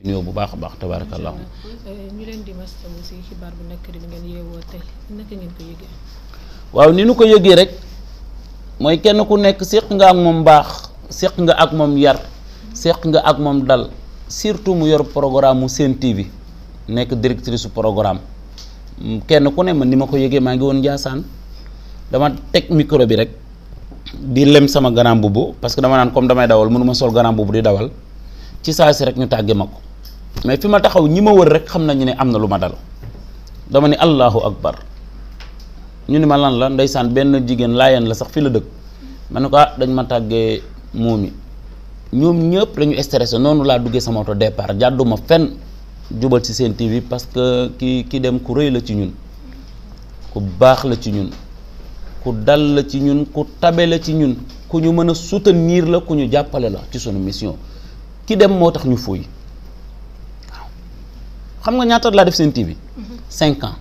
nuyoo bu baax baax tabarakallah ñu leen di ci bu nekk di ngeen yeewoo naka ngeen ko waaw ni nu ko yëgee rek mooy kenn ku nga ak moom baax nga ak moom yar séq nga ak moom dal surtout mu yor programme Sen TV nekk directrice programme kenn ku ne man ni ma ko yëgee maa ngi woon Ndiassane dama tek micro bi di lem sama ganam bubu, parce que dama nan comme damay dawal mënuma sol grand di dawal ci saa rek ñu tagge mako mais fi ma taxaw ñima wër rek xamna ñu ne amna luma dal dama ni allahu akbar ñu ni ma lan la ndaysan benn jigen layen la sax fi la dekk ma ko ah dañ ma tagge momi ñom ñepp lañu stressé nonu la duggé sama auto départ jaduma fenn jubal ci sen TV parce que ki ki dem ku reuy la ci ñun ku bax la ci ñun ku dal la ci ñun ku tabe la ci ñun ku ñu mëna soutenir la ku ñu jappalé la ci sunu mission ki dem moo tax ñu fuuy xam nga ñaata laa def seen TV. Mhm. cinq ans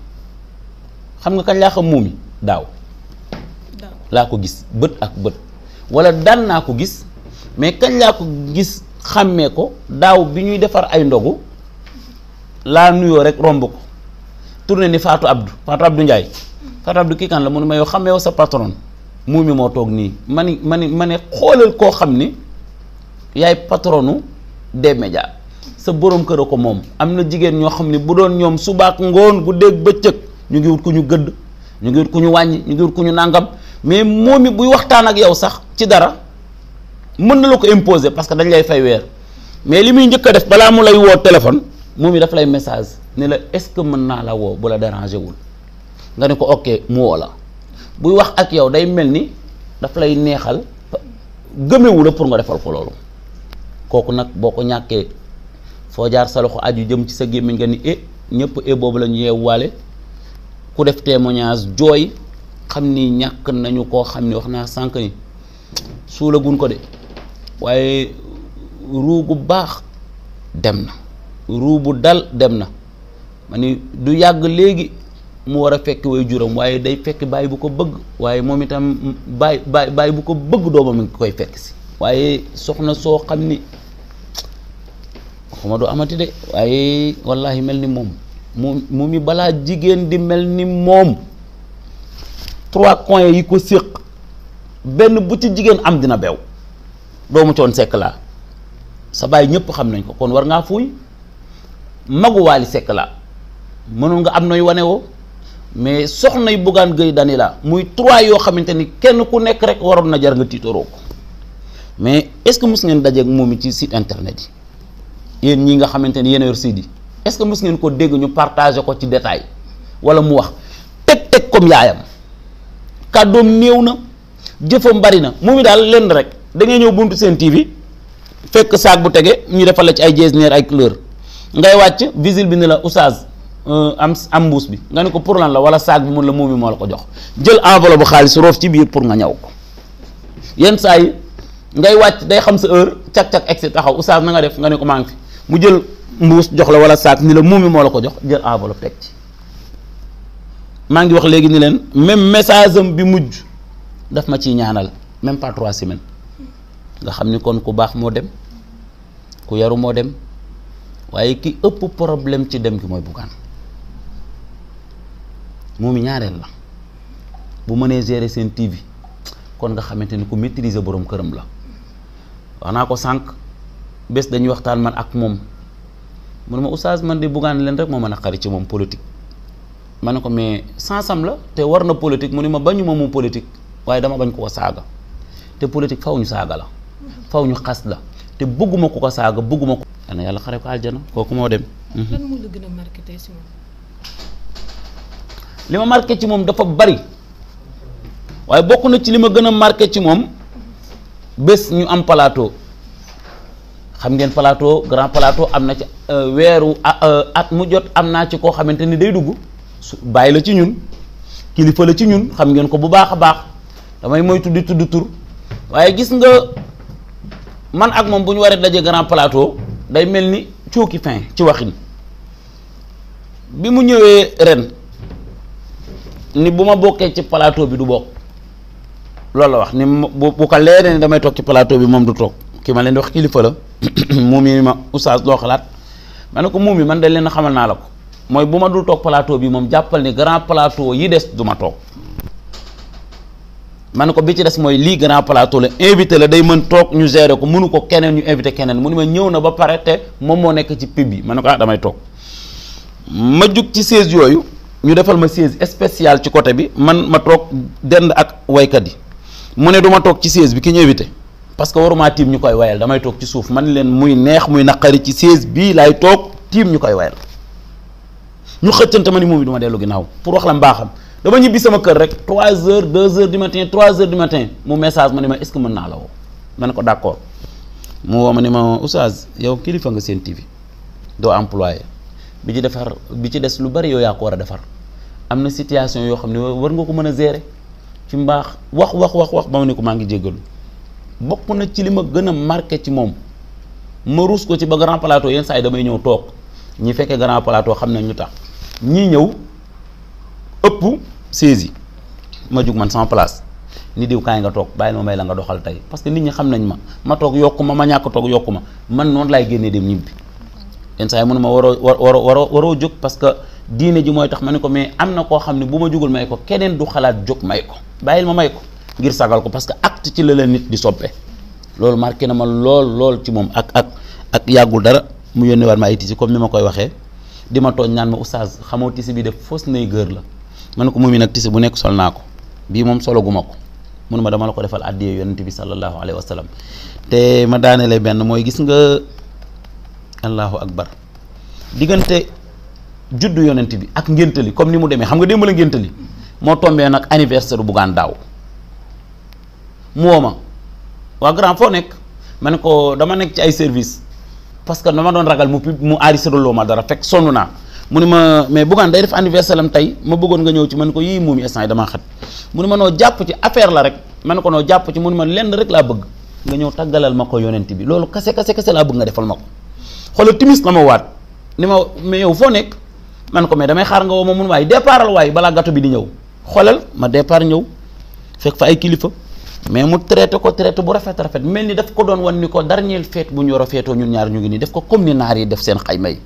xam nga kañ laa xam muumi daaw. laa ko gis bët ak bët walla daan naa ko gis mais kañ laa ko gis xàmmee ko daaw bi ñuy defar ay ndogu laa nuyoo rek romb ko tourné ni Fatou Abdou Fatou Abdou Ndiaye mhm. Fatou Abdou kii kan la mënu ma yow sa patron muumi moo toog nii ma ni ma ni xoolal koo xam ni yaay patronu des médias sa borom kër a ko moom am na jigéen ñoo xam ne bu doon ñoom subaak ngoon gu dégg bëccëg ñu ngi wut ku ñu gëdd ñu ngi wut ku ñu wàññ ñu ngi wut ku ñu nàngam mais moom it buy waxtaan ak yow sax ci dara mën na la ko imposer parce que dañ lay fay weer mais li muy njëkk a def balaa mu lay woo téléphone moom it dafa lay message ne la est-ce que mën naa la woo bu la déranger wul nga ne ko ok mu woo la buy wax ak yow day mel ni daf lay neexal gëmewu la pour nga defal ko loolu kooku nag boo ko ñàkkee foo jaar sa loxo aju jëm ci sa gémmiñ nga ni e eh, ñëpp e eh, boobu la ñu yeewwaale ku def témoignage jooy xam ni ñàkk nañu koo xam ni wax naa sànq ni suulaguñ ko de waaye ruu bu baax dem na ruu bu dal dem na ma ni du yàgg léegi mu war a fekk way juram waaye day fekk baay bu ko bëgg waaye moom itam baay baay baay bu ko bëgg doomam ngi koy fekk si waaye soxna soo xam ni xuma doo amati de waaye wallahi mel ni moom mu mu mi balaa jigéen di mel ni moom trois coins yi ko séq benn bu ci jigéen am dina beew doomu coon sekk laa sa baay ñëpp xam nañ ko kon war ngaa fuuy magu sekk laa mënoon nga am nooy wane woo mais soxnay buggaan gëy dani la muy trois yoo xamante ni kenn ku nekk rek waroon na jar nga tiitoroo ko mais est-ce que mos ngeen dajeek moom ci site internet yi yéen ñi nga xamante ni yéen a yor Sidi ce que mës ngeen ko dégg ñu partage ko ci détail wala mu wax teg teg comme yaayam kàddoom néew na jëfam bari na mu mi daal lenn rek da ngay ñëw buntu seen TV fekk saag bu tege ñu defal la ci ay jeesneer ay couleur ngay wàcc visile bi ne la oustaz euh, am am mbuus bi nga ne ko pour lan la wala saag bi mun la muumi moo la ko jox jël enveloppe bu xaalis roof ci biir pour nga ñaw ko yenn saa yi ngay wàcc day xam sa heure cak cak egsi taxaw na nga def nga ne ko maa mu jël mbuus jox la wala sak ni la muumi moo la ko jox jël enveloppe teg ci maa ngi wax léegi ni len même message bi mujj daf ma ciy ñaanal même pas semaines nga kon ku modem moo dem ku yaru problem dem waaye ki ëpp problème ci dem gi la bu mënee gérer TV kon nga xamante ku maîtriser borom këram la wax ko bés dañuy waxtaan man ak moom mu ne ma oustaz man de buggaan leen rek moo man a xari ci moom politique ma ne ko mais sansam la te war na politique mu ne ma bañu ma mu politique waaye dama bañ koo ko saaga te politique faw ñu saaga la faw ñu xas la te bëgguma ko ko saaga bëgguma ko ana yàlla xare ko aljana kooku moo dem mhm. a marqué tey si moom li ma marqué ci moom dafa bari waaye bokk na ci li ma gën a marqué ci moom bés ñu am plateau xam ngeen plateau grand plateau am na ci euh, weeru euh, at mu jot am naa ci koo xamante ni day dugg su bàyyi la ci ñun kilifa la ci ñun xam ngeen ko bu baax baax damay tur gis nga man ak moom bu ñu waree daje grand plateau day ni fin ci waxin bi mu ren ni buma ma bokkee ci plateau bi du bokk loolu la wax ni bu ko leeree ni damay toog ci plateau bi moom du toog. ki ma leen di kilifa la moom yi ma oustaz loo xalaat ma ne ko moom yi man dañ leen xamal naa la ko mooy bu ma dul toog plateau bi moom jàppal ni grand plateau yi des du ma toog ma ne ko bi ci des mooy lii grand plateau la invité la day mën toog ñu gérer ko mënu ko keneen ñu invité keneen mu ne ma ñëw na ba pare te moom moo nekk ci pib bi ma ne ko ah damay toog ma jug ci siège yooyu ñu defal ma siège spécial ci côté bi man ma toog dend ak waykat yi mu ne du toog ci siège bi ki invité parce que waruma tiim ñu koy wayal damay toog ci suuf man leen muy neex muy naqari ci 16 bii laay toog tiim ñu koy wayal ñu xëccante ma ni duma dellu ginaaw pour wax la mbaxam dama ñibi sama kër rek 3 heures 2 heures du matin 3 heures du matin mu message ma ni ma est ce que mën naa la wo ma ne ko d' accord mu wo ma ni ma oustaz yow kilifa nga sen TV do employé bi ci defar bi ci des lu bari yow yaa ko war a defar am na situation yoo xam ne war nga ko mën a gérer ci mbaax wax wax wax wax ba mu ne ko maa ngi jéggalu bokk na ci li ma gën a marqué ci moom ma ruus ko ci ba grand plateau yenn saa yi damay ñëw toog ñi fekkee grand plateau xam nañ ñu tax ñii ñëw ëpp saisi ma jug man sans place ni diw kaay nga toog bàyyi ma may la nga doxal tey parce que nit ñi xam nañ ma ma toog yokku ma ma ñàkk toog yokku ma man noonu lay génnee dem ñibbi yenn saa yi mënu ma waroo waroo waroo waroo jóg parce que diine ji mooy tax ma ne ko mais am na koo xam ne bu ma jugul may ko keneen du xalaat jóg may ko bàyyil ma may ko. ngir sagal ko parce que acte ci la la nit di soppe loolu marqué na ma lool lool ci moom ak ak ak yàggul dara mu yónnee war ma ay tisi comme ni ma koy waxee di ma tooñ naan ma xamoo tisi bi def fausse nay gër la ma ne moom nag tisi bu nekk sol naa ko bii moom solo gu ma ko mënu ma dama la ko defal addiyee yonent bi sallallahu alayhi wa sallam te ma daanelee benn mooy gis nga allahu akbar diggante juddu yonent bi ak ngéntali comme ni mu demee xam nga démb la ngéntali moo tombee nag anniversaire bu gaan daaw mu woo ma waa grand foo nekk ma ne ko dama nekk ci ay service parce que dama doon ragal mu mu aariseraloo ma dara fekk sonn naa mu ne ma mais Bougane day def anniversaire am tey ma bëggoon nga ñëw ci ma ne ko yii moom instant yi damaa xat mu ne ma noo jàpp ci la rek ma ne ko noo jàpp ci mu ma lenn rek laa bëgg nga ñëw tàggalal ma ko yonent bi loolu kase kase kase laa bëgg nga defal ma ko xoolal timis la ma waat ni ma mais yow foo nekk man ko mais damay xaar nga woo ma mun waaye départal waaye balaa gâteau bi di ñëw xoolal ma départ ñëw fekk fa ay kilifa mais mu traité ko traité bu rafet rafet mel ni daf ko doon wan ni ko dernier feet bu ñu war a feetoo ñun ñaar ñu ngi nii def ko comme ni naar yi def seen xayma yi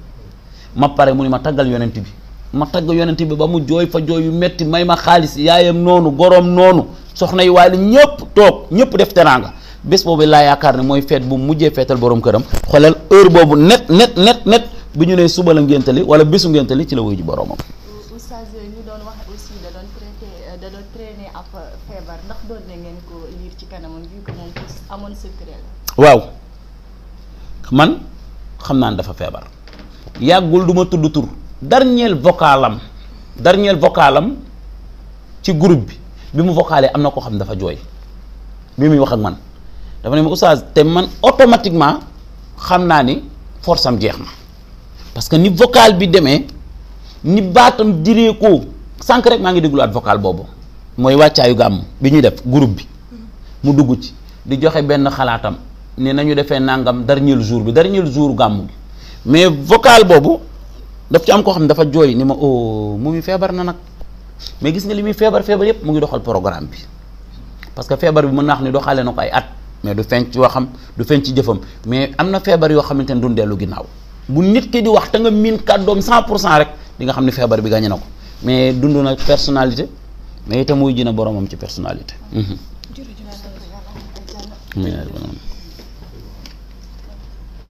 ma pare mu ni ma taggal yonent bi ma tagg yonent bi ba mu jooy fa jooy yu metti may ma xaalis yaayam noonu goroom noonu soxna yi waaye ñëpp toog ñëpp def teraanga bés boobu laa yaakaar ne mooy feet bu mujjee feetal borom këram xoolal heure boobu net net net net bi ñu nee suba la ngéntali wala bésu ngéntali ci la wuyu ji boromam. entraîner ab feebar ndax doon na ngeen ko liir ci kanamam vu que moom amoon secret la. waaw man xam naa dafa feebar yàggul du ma tudd tur dernier vocalam dernier vocalam ci groupe bi bi mu vocalé am na koo xam dafa jooy bi muy wax ak man dafa ne ma oustaz te man automatiquement xam naa ni force am jeex na parce que ni vocal bi demee ni baatam diree ko sànq rek maa ngi at vocal boobu mooy wàccaayu gàmm bi ñuy def groupe bi mu dugg ci di joxe benn xalaatam ne nañu defee nangam dernier jour bi dernier jour gàmm mais vocal boobu daf ci am koo xam ne dafa jooy ni ma o oh, mu mi feebar na nag mais gis nga li muy feebar feebar yëpp mu ngi doxal programme bi parce que feebar bi mu naa wax ni doxalee na ko ay at mais du feeñ ci waxam du feeñ ci jëfam mais am na feebar yoo xamante ne duñ dellu ginnaaw bu nit ki di wax te nga miin kàddoom 100 pour cent rek di nga xam ne feebar bi na ko mais dund na personnalité mais itam wuy ji na boromam ci personnalité. Mm-hmm.